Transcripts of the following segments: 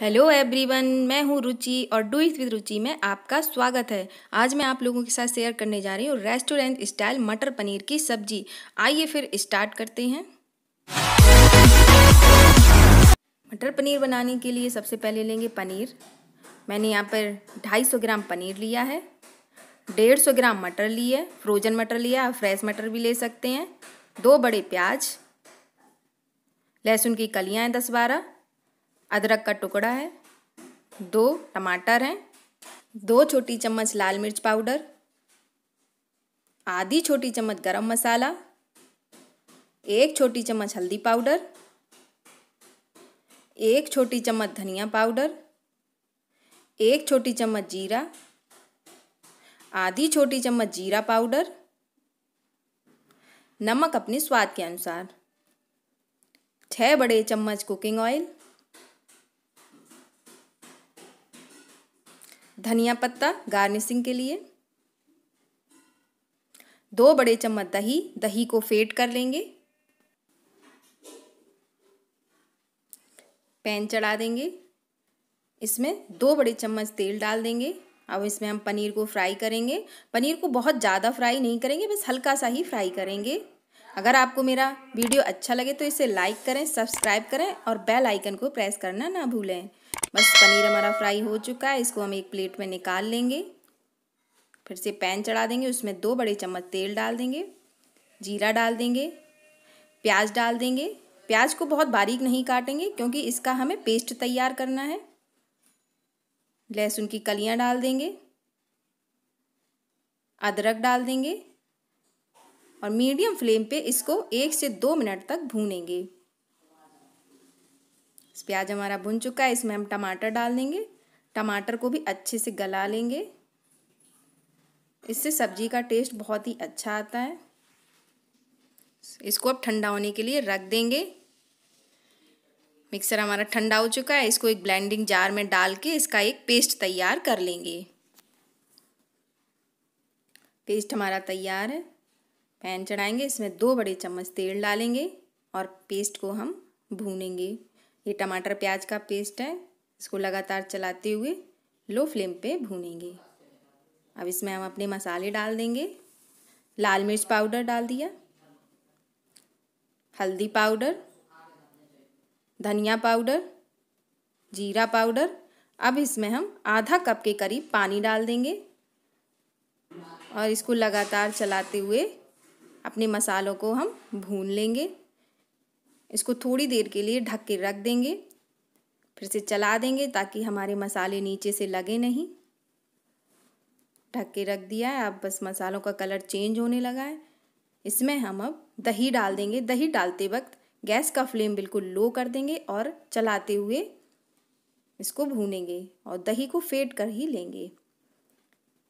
hello everyone मैं हूँ रुचि और डू इथ विद रुचि में आपका स्वागत है आज मैं आप लोगों के साथ शेयर करने जा रही हूँ रेस्टोरेंट स्टाइल मटर पनीर की सब्जी आइए फिर स्टार्ट करते हैं मटर पनीर बनाने के लिए सबसे पहले लेंगे पनीर मैंने यहाँ पर 250 ग्राम पनीर लिया है 150 ग्राम मटर लिए फ्रोजन मटर लिया फ्रेश मटर भी ले सकते हैं दो बड़े प्याज लहसुन की कलियाँ दस बारह अदरक का टुकड़ा है दो टमाटर हैं दो छोटी चम्मच लाल मिर्च पाउडर आधी छोटी चम्मच गरम मसाला एक छोटी चम्मच हल्दी पाउडर एक छोटी चम्मच धनिया पाउडर एक छोटी चम्मच जीरा आधी छोटी चम्मच जीरा पाउडर नमक अपने स्वाद के अनुसार छः बड़े चम्मच कुकिंग ऑयल धनिया पत्ता गार्निशिंग के लिए दो बड़े चम्मच दही दही को फेट कर लेंगे पैन चढ़ा देंगे इसमें दो बड़े चम्मच तेल डाल देंगे अब इसमें हम पनीर को फ्राई करेंगे पनीर को बहुत ज़्यादा फ्राई नहीं करेंगे बस हल्का सा ही फ्राई करेंगे अगर आपको मेरा वीडियो अच्छा लगे तो इसे लाइक करें सब्सक्राइब करें और बेल आइकन को प्रेस करना ना भूलें बस पनीर हमारा फ्राई हो चुका है इसको हम एक प्लेट में निकाल लेंगे फिर से पैन चढ़ा देंगे उसमें दो बड़े चम्मच तेल डाल देंगे जीरा डाल देंगे प्याज डाल देंगे प्याज को बहुत बारीक नहीं काटेंगे क्योंकि इसका हमें पेस्ट तैयार करना है लहसुन की कलियां डाल देंगे अदरक डाल देंगे और मीडियम फ्लेम पे इसको एक से दो मिनट तक भूनेंगे प्याज हमारा भुन चुका है इसमें हम टमाटर डाल देंगे टमाटर को भी अच्छे से गला लेंगे इससे सब्जी का टेस्ट बहुत ही अच्छा आता है इसको अब ठंडा होने के लिए रख देंगे मिक्सर हमारा ठंडा हो चुका है इसको एक ब्लेंडिंग जार में डाल के इसका एक पेस्ट तैयार कर लेंगे पेस्ट हमारा तैयार है पैन चढ़ाएंगे इसमें दो बड़े चम्मच तेल डालेंगे और पेस्ट को हम भूनेंगे ये टमाटर प्याज का पेस्ट है इसको लगातार चलाते हुए लो फ्लेम पे भूनेंगे अब इसमें हम अपने मसाले डाल देंगे लाल मिर्च पाउडर डाल दिया हल्दी पाउडर धनिया पाउडर जीरा पाउडर अब इसमें हम आधा कप के करीब पानी डाल देंगे और इसको लगातार चलाते हुए अपने मसालों को हम भून लेंगे इसको थोड़ी देर के लिए ढक के रख देंगे फिर से चला देंगे ताकि हमारे मसाले नीचे से लगे नहीं ढक के रख दिया है अब बस मसालों का कलर चेंज होने लगा है इसमें हम अब दही डाल देंगे दही डालते वक्त गैस का फ्लेम बिल्कुल लो कर देंगे और चलाते हुए इसको भूनेंगे और दही को फेट कर ही लेंगे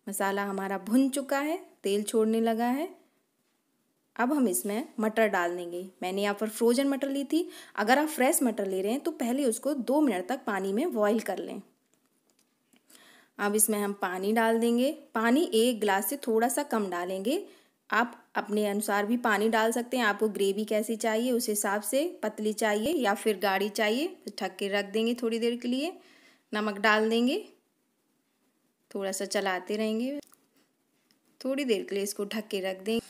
मसाला हमारा भुन चुका है तेल छोड़ने लगा है अब हम इसमें मटर डाल देंगे मैंने यहाँ पर फ्रोजन मटर ली थी अगर आप फ्रेश मटर ले रहे हैं तो पहले उसको दो मिनट तक पानी में बॉईल कर लें अब इसमें हम पानी डाल देंगे पानी एक गिलास से थोड़ा सा कम डालेंगे आप अपने अनुसार भी पानी डाल सकते हैं आपको ग्रेवी कैसी चाहिए उस हिसाब से पतली चाहिए या फिर गाढ़ी चाहिए तो ढक के रख देंगे थोड़ी देर के लिए नमक डाल देंगे थोड़ा सा चलाते रहेंगे थोड़ी देर के लिए इसको ढक के रख देंगे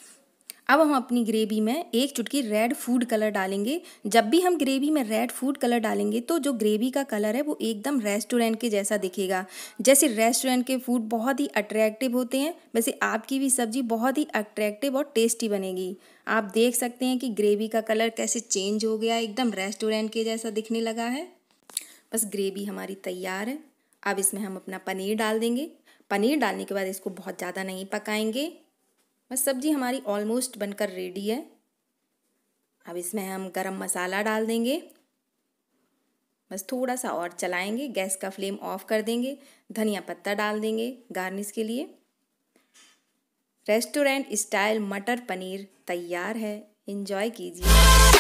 अब हम अपनी ग्रेवी में एक चुटकी रेड फूड कलर डालेंगे जब भी हम ग्रेवी में रेड फूड कलर डालेंगे तो जो ग्रेवी का कलर है वो एकदम रेस्टोरेंट के जैसा दिखेगा जैसे रेस्टोरेंट के फूड बहुत ही अट्रैक्टिव होते हैं वैसे आपकी भी सब्जी बहुत ही अट्रैक्टिव और टेस्टी बनेगी आप देख सकते हैं कि ग्रेवी का कलर कैसे चेंज हो गया एकदम रेस्टोरेंट के जैसा दिखने लगा है बस ग्रेवी हमारी तैयार है अब इसमें हम अपना पनीर डाल देंगे पनीर डालने के बाद इसको बहुत ज़्यादा नहीं पकाएंगे बस सब्जी हमारी ऑलमोस्ट बनकर रेडी है अब इसमें हम गरम मसाला डाल देंगे बस थोड़ा सा और चलाएंगे गैस का फ्लेम ऑफ कर देंगे धनिया पत्ता डाल देंगे गार्निश के लिए रेस्टोरेंट स्टाइल मटर पनीर तैयार है इन्जॉय कीजिए